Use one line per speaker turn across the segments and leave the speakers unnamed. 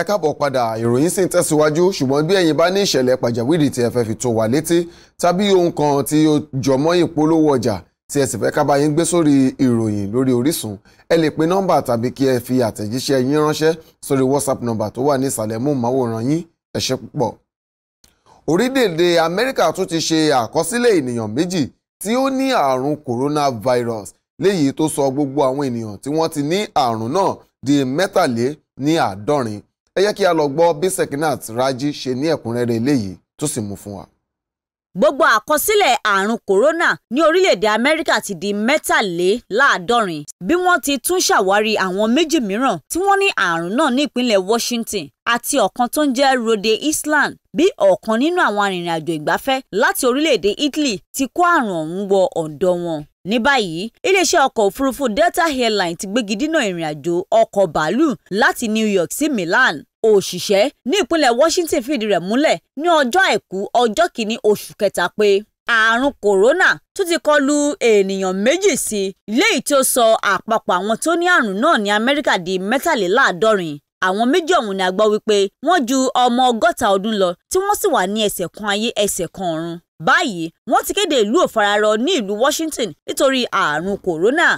ẹ káàbọ̀ padà ìròyìn sì ń tẹ̀síwájú ṣùgbọ́n bí ẹ̀yin bá ní ìṣẹ̀lẹ̀ pàjáwìrì tí ẹ fẹ́ fi tó wa létí tàbí ohun kan tí ó jọmọ́ ìpolówó ọjà tí ẹ sì fẹ́ ká yín gbé sórí ìròyìn lórí Orísun ẹ lè pe nọ́mbà tàbí kí ẹ fi àtẹ̀jíṣẹ́ yín ránṣẹ́ sórí WhatsApp nọ́mbà tó wà ní ìsàlẹ̀ móhùnmáwòrán yín ẹ ṣé púpọ̀. orílẹ̀-èdè Amẹ́ríkà tún ti ṣe àkọsílẹ̀ ènìyàn méjì tí ó ní àrùn coronavirus léyìí tó sọ gbogbo àwọn ènìyàn tí wọ́n ti ní àrùn náà di mẹ́tàléní àádọ́rin ẹ yẹ kí a lọ gbọ́ bí Sekinat Raji ṣe ní ẹ̀kúnrẹ́rẹ́ eléyìí tó sì mú fún wa.
Gbogbo àkọsílẹ̀ àrùn kòrónà ní orílẹ̀-èdè Amẹ́ríkà ti di mẹ́tàléláàádọ́rin bí wọ́n ti tún ṣàwárí àwọn méjì mìíràn tí wọ́n ní àrùn náà ní ìpínlẹ̀ Washington àti ọ̀kan tó ń jẹ́ Rhode Island bí ọ̀kan nínú àwọn arìnrìn-àjò ìgbafẹ́ láti orílẹ̀-èdè Italy ti kó àrùn ọ̀hún wọ ọ̀dọ̀ wọn ní báyìí iléeṣẹ́ ọkọ̀ òfurufú Delta Airline ti gbégi dínà ìrìn àjò ọkọ̀ bàálù láti New York sí Milan òṣìṣẹ́ ní ìpínlẹ̀ Washington fìdí rẹ̀ múlẹ̀ ní ọjọ́ àìkú ọjọ́ kìíní oṣù kẹta pé ààrùn kòrónà tó ti kọlu ènìyàn méjì sí léyìí tó sọ àpapọ̀ àwọn tó ní àrùn náà ní Amẹ́ríkà di mẹ́tàléláàádọ́rin àwọn méjì ọ̀hún ni a gbọ́ wípé wọ́n ju ọmọ ọgọ́ta ọdún lọ tí wọ́n sì wà ní ẹsẹ̀ kan ayé ẹsẹ̀ kan ọ̀run báyìí wọ́n ti kéde ìlú òfararọ ní ìlú Washington nítorí ààrùn kòrónà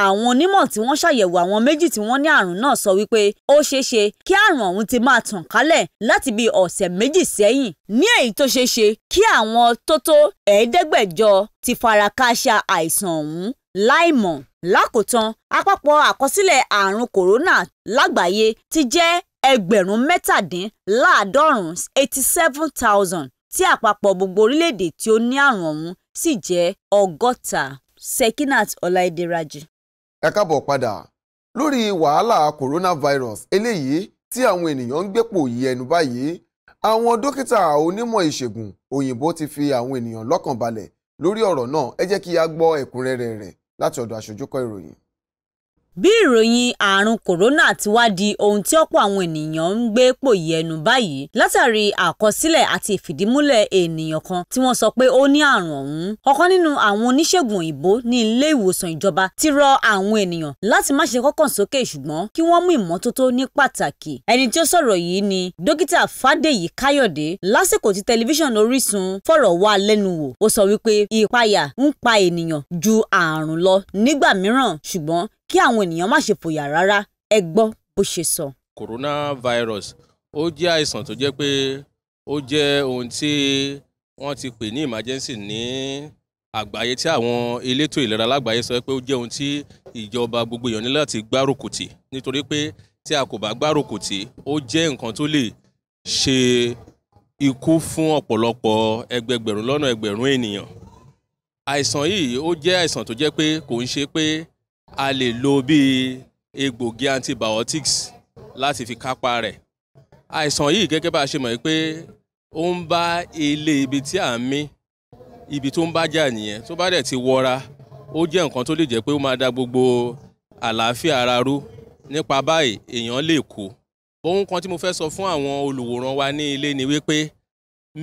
àwọn onímọ̀ tí wọ́n ṣàyẹ̀wò àwọn méjì tí wọ́n ní àrùn náà sọ wípé ó ṣeé ṣe kí àrùn ọ̀hún ti máa tàn kálẹ̀ láti bí ọ̀sẹ̀ méjì sẹ́yìn ní èyí tó ṣeé ṣe kí àwọn tó tó ẹ̀ẹ́dẹ́gbẹ̀jọ ti fara kááṣá àìsàn ọ̀hún láìmọ̀ lákòótán àpapọ̀ àkọsílẹ̀ àrùn kòrónà lágbàáyé ti jẹ́ ẹgbẹ̀rún mẹ́tàdínláàádọ́rùn eighty seven thousand tí àpapọ̀ gbogbo orílẹ̀-èdè tí ó ní àrùn ọ̀hún sì jẹ́ ọgọ́ta Sekinat Ọláìdé Rájí.
ẹ káàbọ̀ padà lórí wàhálà coronavirus eléyìí tí àwọn ènìyàn ń gbépò yí ẹnu báyìí àwọn dókítà onímọ̀ ìṣègùn òyìnbó ti fi àwọn ènìyàn lọ́kàn balẹ̀ lórí ọ̀rọ̀ náà ẹ jẹ́ kí a gbọ́ ẹ̀kúnrẹ́rẹ́ rẹ̀ láti ọ̀dọ̀ àṣojúkọ ìròyìn
Bí ìròyìn àrùn kòrónà ti wá di ohun tí ọ̀pọ̀ àwọn ènìyàn ń gbé pòyì ẹnu báyìí látàrí àkọsílẹ̀ àti ìfìdímúlẹ̀ ènìyàn kan tí wọ́n sọ pé ó ní àrùn ọ̀hún. Ọ̀kan nínú àwọn oníṣègùn òyìnbó ní ilé ìwòsàn ìjọba ti rọ àwọn ènìyàn láti má ṣe kọ́kàn sókè ṣùgbọ́n kí wọ́n mú ìmọ́tótó ní pàtàkì. Ẹni tí ó sọ̀rọ̀ yìí ni dókítà Fádèyí Káyọ̀dé lásìkò tí ju àrùn lọ nígbà mìíràn ṣùgbọ́n kí àwọn ènìyàn má ṣe fòyà rárá ẹ gbọ́ bó ṣe sọ.
coronavirus ó jẹ́ àìsàn tó jẹ́ pé ó jẹ́ ohun tí wọ́n ti pè ní emergency ní àgbáyé tí àwọn elétò ìlera lágbàáyé sọ pé ó jẹ́ ohun tí ìjọba gbogbo èèyàn ní láti gbárùkù tì nítorí pé tí a kò bá gbárùkù tì ó jẹ́ nǹkan tó lè ṣe ikú fún ọ̀pọ̀lọpọ̀ ẹgbẹgbẹ̀rún lọ́nà ẹgbẹ̀rún ènìyàn àìsàn yìí ó jẹ́ àìsàn tó jẹ́ pé kò ń ṣe pé a lè lo bíi egbògi antibiotics láti fi kápá rẹ̀ àìsàn yìí gẹ́gẹ́ bá a ṣe mọ̀ pé ó ń bá ilé ibi tí à ń mí ibi tó ń bá jà nìyẹn tó bá dẹ̀ ti wọra ó jẹ́ nǹkan tó lè jẹ́ pé ó máa da gbogbo àlàáfíà ara rú nípa báyìí èèyàn lè kú ohun kan tí mo fẹ́ sọ fún àwọn olùwòran wa ní ilé ni wípé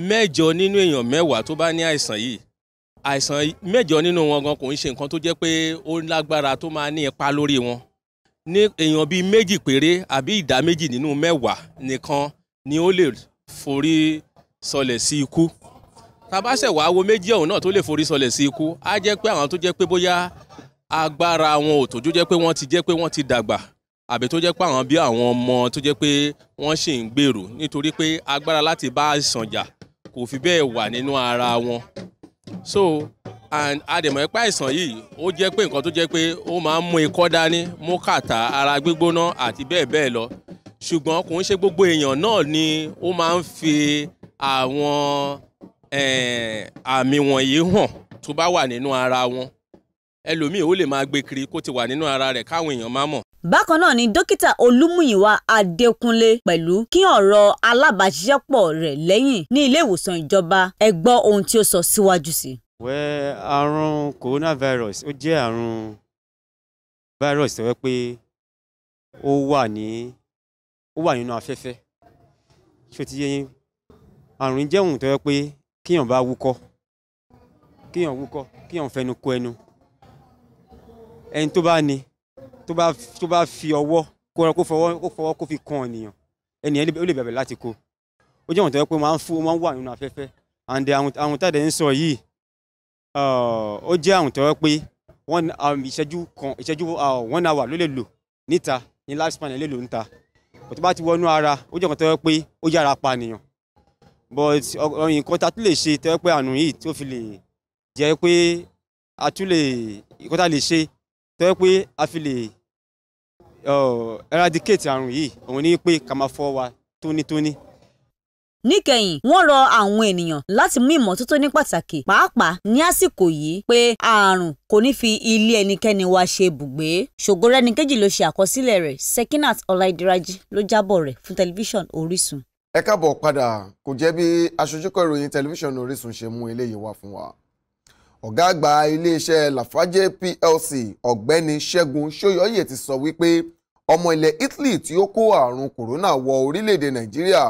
mẹ́jọ nínú èèyàn mẹ́wàá tó bá ní àìsàn yìí àìsàn mẹ́jọ nínú wọn gan kò ń ṣe nǹkan tó jẹ́ pé ó lágbára tó máa ní ipa lórí wọn ní èèyàn bíi méjì péré àbí ìdá méjì nínú mẹ́wàá nìkan ni ó lè forí sọlẹ̀ sí ikú tabasẹ̀ wàá wo méjì ọ̀hún náà tó lè forí sọlẹ̀ sí ikú á jẹ́ pé àwọn tó jẹ́ pé bóyá agbára wọn ò tó jẹ́ pé wọ́n ti jẹ́ pé wọ́n ti dàgbà àbí tó jẹ́ pé àwọn bí àwọn ọmọ tó jẹ́ pé wọ́n ṣì ń gbèrò nítorí pé agbára láti bá àìsàn jà kò fi bẹ́ẹ̀ wà nínú ara wọn so and àdèmọ̀ ẹ̀pẹ́ àìsàn yìí ó jẹ́ pé nǹkan tó jẹ́ pé ó máa ń mú ikọ́ dání mú kàtà ara gbígbóná àti bẹ́ẹ̀ bẹ́ẹ̀ lọ ṣùgbọ́n kò ń ṣe gbogbo èèyàn náà ni ó máa ń fi àwọn àmì wọ̀nyí hàn tó bá wà nínú ara wọn ẹlòmíì ó lè máa gbé kiri kó ti wà nínú ara rẹ̀ káwọn èèyàn má mọ̀
bákan náà ni dókítà olúmúyìwá adékúnlé pẹ̀lú kí ọ̀rọ̀ alábàáṣiṣẹ́pọ̀ rẹ̀ lẹ́yìn ní ilé ìwòsàn ìjọba ẹ gbọ́ ohun tí ó sọ síwájú sí.
wẹ́ àrùn coronavirus ó jẹ́ àrùn virus tó yẹ pé ó wà ní ó wà nínú afẹ́fẹ́ ṣó ti yé yín àrùn jẹ́ ohun tó yẹ pé kíyàn bá wúkọ́ kíyàn wúkọ́ kíyàn fẹnu kò ẹnu ẹni tó bá ní tó bá tó bá fi ọwọ́ kó ẹran kó fọwọ́ kó fọwọ́ kó fi kan ènìyàn ènìyàn ó lè bẹ̀bẹ̀ láti kó ó jẹ́ ìwọ̀ntọ́ pé máa ń fún ó máa ń wà nínú afẹ́fẹ́ and àwọn tàdé ń sọ yìí uh, ó jẹ́ àwọn tọ́wọ́ pé um, ìṣẹ́jú kan ìṣẹ́jú uh, one hour ló lè lò níta ní life span lè lò níta kò tó bá ti wọnú ara ó jẹ́ ìwọ̀ntọ́ pé ó yára pa ènìyàn but um, nǹkan ta tún lè ṣe tọ́wọ́ pé àrùn yìí tó fi lè jẹ́ pé a tún lè nǹkan ta lè ṣe tọ́wọ́ pé a fi lè Oh, eradicate àrùn yìí òun ni pé ká máa fọ wa
tónítóní níkẹyìn wọ́n rọ àwọn ènìyàn láti mú ìmọ́tótó ní pàtàkì pàápàá ní àsìkò yìí pé ààrùn kò ní fi ilé ẹnikẹ́ni wa ṣe ibùgbé ṣògorẹ́ni kejì ló ṣe àkọsílẹ̀ rẹ̀ Sekinat Ọláìdíraji ló jábọ̀ rẹ̀ fún tẹlifíṣàn Orísun.
ẹ káàbọ̀ padà kò jẹ́ bí aṣojúkọ̀ ìròyìn tẹlifíṣàn Orísun ṣe mú eléyìí wá fún wa ọ̀gá àgbà iléeṣẹ́ Lafarge PLC ọ̀gbẹ́ni Ṣẹ́gun Ṣóyọyè ti sọ wípé ọmọ ilẹ̀ Italy tí ó kó àrùn kòrónà wọ orílẹ̀-èdè Nàìjíríà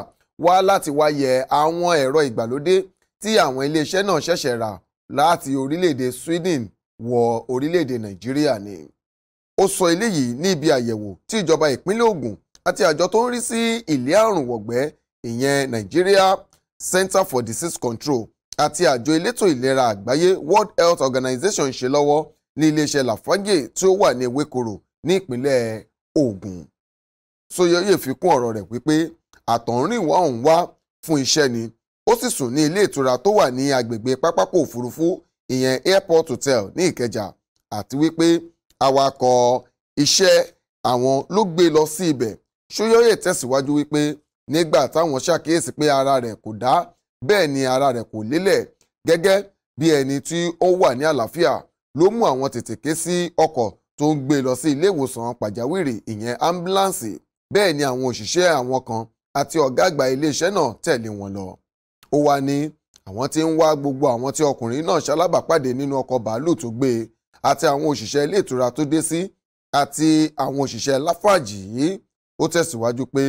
wá láti wá yẹ àwọn ẹ̀rọ ìgbàlódé tí àwọn iléeṣẹ́ náà ṣẹ̀ṣẹ̀ rà láti orílẹ̀-èdè Sweden wọ orílẹ̀-èdè Nàìjíríà ni. ó sọ eléyìí ní ibi àyẹ̀wò tí ìjọba ìpínlẹ̀ Ògùn àti àjọ tó ń rí sí ilé àrùn wọ̀gbẹ́ ìyẹn Nigeria Center for Disease Control àti àjọ elétò ìlera àgbáyé World Health Organization ṣe lọ́wọ́ ní iléeṣẹ́ Lafarge tí ó wà ní Ewékorò ní ìpínlẹ̀ Ògùn. Sóyọyè fi kún ọ̀rọ̀ rẹ̀ wípé àtọ̀húnrìnwá òun wá fún iṣẹ́ ni ó sì sùn ní ilé ìtura tó wà ní agbègbè pápákọ̀ òfurufú ìyẹn Airport Hotel ní Ìkẹjà àti wípé awakọ̀ iṣẹ́ àwọn ló gbé lọ sí ibẹ̀ Sóyọyè tẹ̀síwájú wípé nígbà táwọn ṣàkíyèsí pé ara rẹ̀ kò dá bẹ́ẹ̀ ni ara rẹ̀ kò lélẹ̀ gẹ́gẹ́ bí ẹni tí ó wà ní àlàáfíà ló mú àwọn tètè ké sí ọkọ̀ tó ń gbé lọ sí ilé ìwòsàn pàjáwìrì ìyẹn ambulance bẹ́ẹ̀ ni àwọn òṣìṣẹ́ àwọn kan àti ọ̀gá àgbà iléeṣẹ́ náà tẹ̀lé wọn lọ. ó wá ní àwọn tí ń wá gbogbo àwọn tí ọkùnrin náà ṣalábàpàdé nínú ọkọ̀ bàálù tó gbé e àti àwọn òṣìṣẹ́ ilé ìtura tó dé sí àti àwọn òṣìṣẹ́ Lafarge yìí ó tẹ̀síwájú pé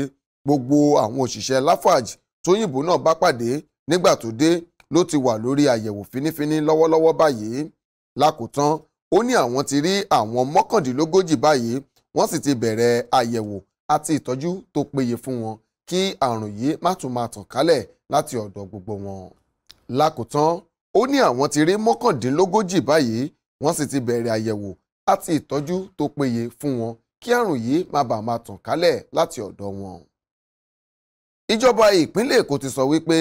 gbogbo àwọn òṣìṣẹ́ Lafarge tóyìnbó náà bá pàdé nígbà tó dé ló ti wà lórí àyẹ̀wò finífiní lọ́wọ́lọ́wọ́ báyìí lákòótán ó ní àwọn ti rí àwọn mọ́kàndínlógójì báyìí wọ́n sì ti bẹ̀rẹ̀ àyẹ̀wò àti ìtọ́jú tó péye fún wọn kí àrùn yìí má tún máa tàn kálẹ̀ láti ọ̀dọ̀ gbogbo wọn. lákòótán ó ní àwọn ti rí mọ́kàndínlógójì báyìí wọ́n sì ti bẹ̀rẹ̀ àyẹ̀wò àti ìtọ́jú tó péye fún wọn kí àrùn yìí má bàa máa tàn kálẹ̀ láti ọ̀dọ̀ wọn. ìjọba ìpínlẹ̀ Èkó ti sọ wípé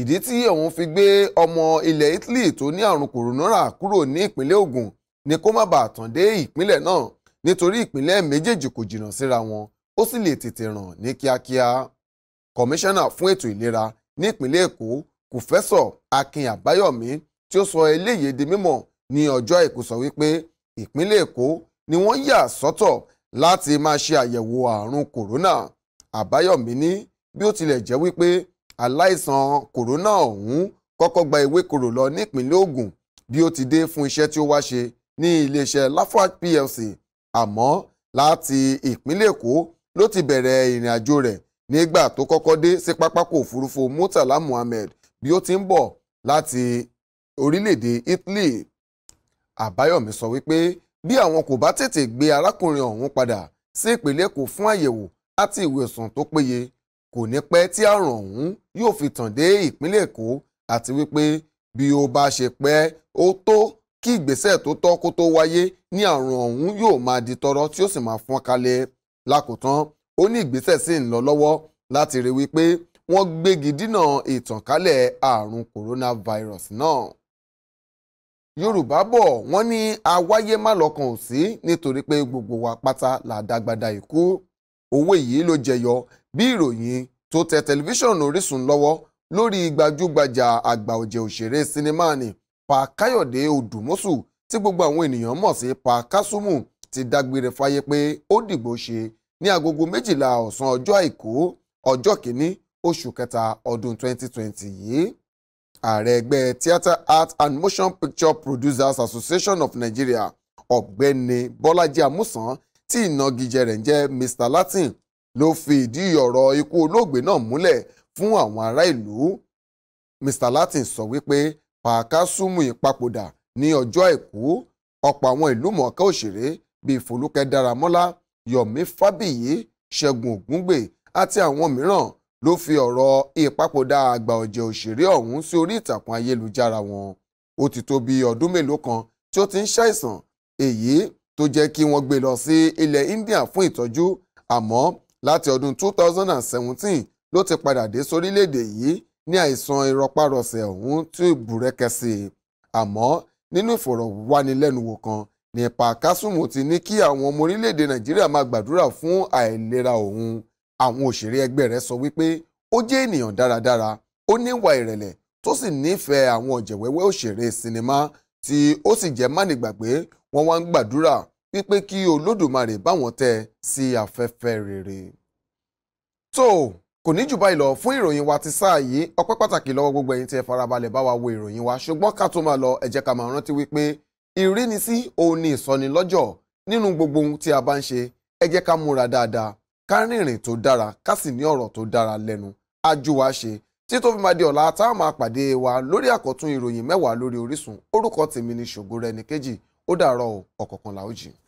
ìdí tí òun fi gbé ọmọ ilẹ̀ Italy tó ní àrùn kòrónà kúrò ní ìpínlẹ̀ Ògùn ni kó má bàa tàn dé ìpínlẹ̀ náà nítorí ìpínlẹ̀ méjèèjì kò jìnnà síra wọn ó sì lè tètè ràn ní kíákíá kọmíṣánná fún ètò ìlera ní ìpínlẹ̀ Èkó kòfẹ́sọ̀ Akin Àbáyọ̀mí tí ó sọ eléyìí di mímọ̀ ní ọjọ́ Àìkú sọ wípé ìpínlẹ̀ Èkó ni wọ́n yà sọ́tọ̀ láti máa ṣe àyẹ̀wò àrùn kòrónà Àbáyọ̀mí ní bí ó tilẹ̀ jẹ́ wípé aláìsàn kòrónà ọ̀hún kọ́kọ́ gba ewékorò lọ nípínlẹ̀ Ògùn bí ó ti dé fún iṣẹ́ tí ó wá ṣe ní iléeṣẹ́ Lafarge PLC àmọ́ láti ìpínlẹ̀ Èkó ló ti bẹ̀rẹ̀ ìrìn àjò rẹ̀ nígbà tó kọ́kọ́ dé sí pápákọ̀ òfurufú Murtala Muhammed bí ó ti ń bọ̀ láti orílẹ̀-èdè Italy Àbáyọ̀mí sọ wípé bí àwọn kò bá tètè gbé arákùnrin ọ̀hún padà sí ìpínlẹ̀ Èkó fún àyẹ̀wò àti ìwòsàn tó péye kò ní pẹ́ tí àrùn ọ̀hún yóò fi tàn dé ìpínlẹ̀ èkó àti wípé bí ó bá ṣe pẹ́ ó tó kí ìgbésẹ̀ tó tọ́ kó tó wáyé ní àrùn ọ̀hún yóò máa di tọrọ tí ó sì máa fọ́n kalẹ̀ lákòótán ó ní ìgbésẹ̀ sì ń lọ lọ́wọ́ láti rí wípé wọ́n gbégi dínà ìtànkálẹ̀ àrùn coronavirus náà. Yorùbá bọ̀ wọ́n ní awáyé má lọ́kàn ò sí nítorí pé gbogbo wa pátá là dágbada ikú òwe yìí ló jẹyọ bí ìròyìn tó tẹ tẹlifíṣàn Orísun lọ́wọ́ lórí gbajúgbajà àgbà ọ̀jẹ̀ òṣèré sinimá ni Pa Káyọ̀dé Odùmọ́sù tí gbogbo àwọn ènìyàn mọ̀ sí Pa Kásùmù ti dágbére fáyé pé ó dìgbò ṣe ní agogo méjìlá ọ̀sán ọjọ́ àìkú ọjọ́ kìíní oṣù kẹta ọdún 2020 yìí ààrẹ ẹgbẹ́ theatre art and motion picture producers association of nigeria ọ̀gbẹ́ni bọ́lájí amúsàn tí ìnagijẹ rẹ̀ ń jẹ́ mr latin ló fi ìdí ọ̀rọ̀ ikú olóògbé náà múlẹ̀ fún àwọn ará ìlú Mr Latin sọ wípé Pàkásùmù ìpapòdà ní ọjọ́ àìkú ọ̀pọ̀ àwọn ìlú mọ̀ọ́ká òṣèré bíi Fọlúkẹ́ Dáramọ́lá Yọ̀mí Fábíyì Ṣẹ́gun Ògúngbè àti àwọn mìíràn ló fi ọ̀rọ̀ ìpapòdà àgbà ọ̀jẹ̀ òṣèré ọ̀hún sí orí ìtàkùn ayélujára wọn ó ti tó bíi ọdún mélòó kan tí ó ti ń ṣàìsàn èyí tó jẹ́ kí wọ́n gbé lọ sí ilẹ̀ India fún ìtọ́jú àmọ́ láti ọdún 2017 ló ti padà dé sórílẹ̀-èdè yìí ní àìsàn ìrọpárọsẹ̀ ọ̀hún tí ìbúrẹ́kẹ́ sí i àmọ́ nínú ìfọ̀rọ̀wánilẹ́nuwò kan ní pa kásùmù ti ní kí àwọn ọmọ orílẹ̀-èdè nàìjíríà máa gbàdúrà fún àìlera òun àwọn òṣèré ẹgbẹ́ rẹ̀ sọ wípé ó jẹ́ ènìyàn dáradára ó níwà ìrẹ̀lẹ̀ tó sì nífẹ̀ẹ́ àwọn ọ̀jẹ̀wẹ́wẹ́ òṣèré sinimá tí ó sì jẹ́ mánigbàgbé wọ́n wá ń gbàdúrà wípé kí olódùmarè bá wọn tẹ sí afẹ́fẹ́ rere. tó kò ní jù báyìí lọ fún ìròyìn wa ti sáà yìí ọpẹ́ pàtàkì lọ́wọ́ gbogbo ẹ̀yin tí ẹ farabalẹ̀ bá wa wo ìròyìn wa ṣùgbọ́n ká tó máa lọ ẹ jẹ́ ká máa rántí wípé ìrínisí òun ni ìsọnilọ́jọ̀ nínú gbogbo ohun tí a bá ń ṣe ẹ ká múra dáadáa ká rìnrìn tó dára ká sì ní ọ̀rọ̀ tó dára lẹ́nu ajú wa ṣe tí tó fi máa di ọ̀la tá a máa pàdé wa lórí àkọ́tún ìròyìn mẹ́wàá lórí Orísun orúkọ tèmi ni ṣògo rẹ ní kejì ó dàárọ̀ ọ̀kọ̀ọ̀kan làójì.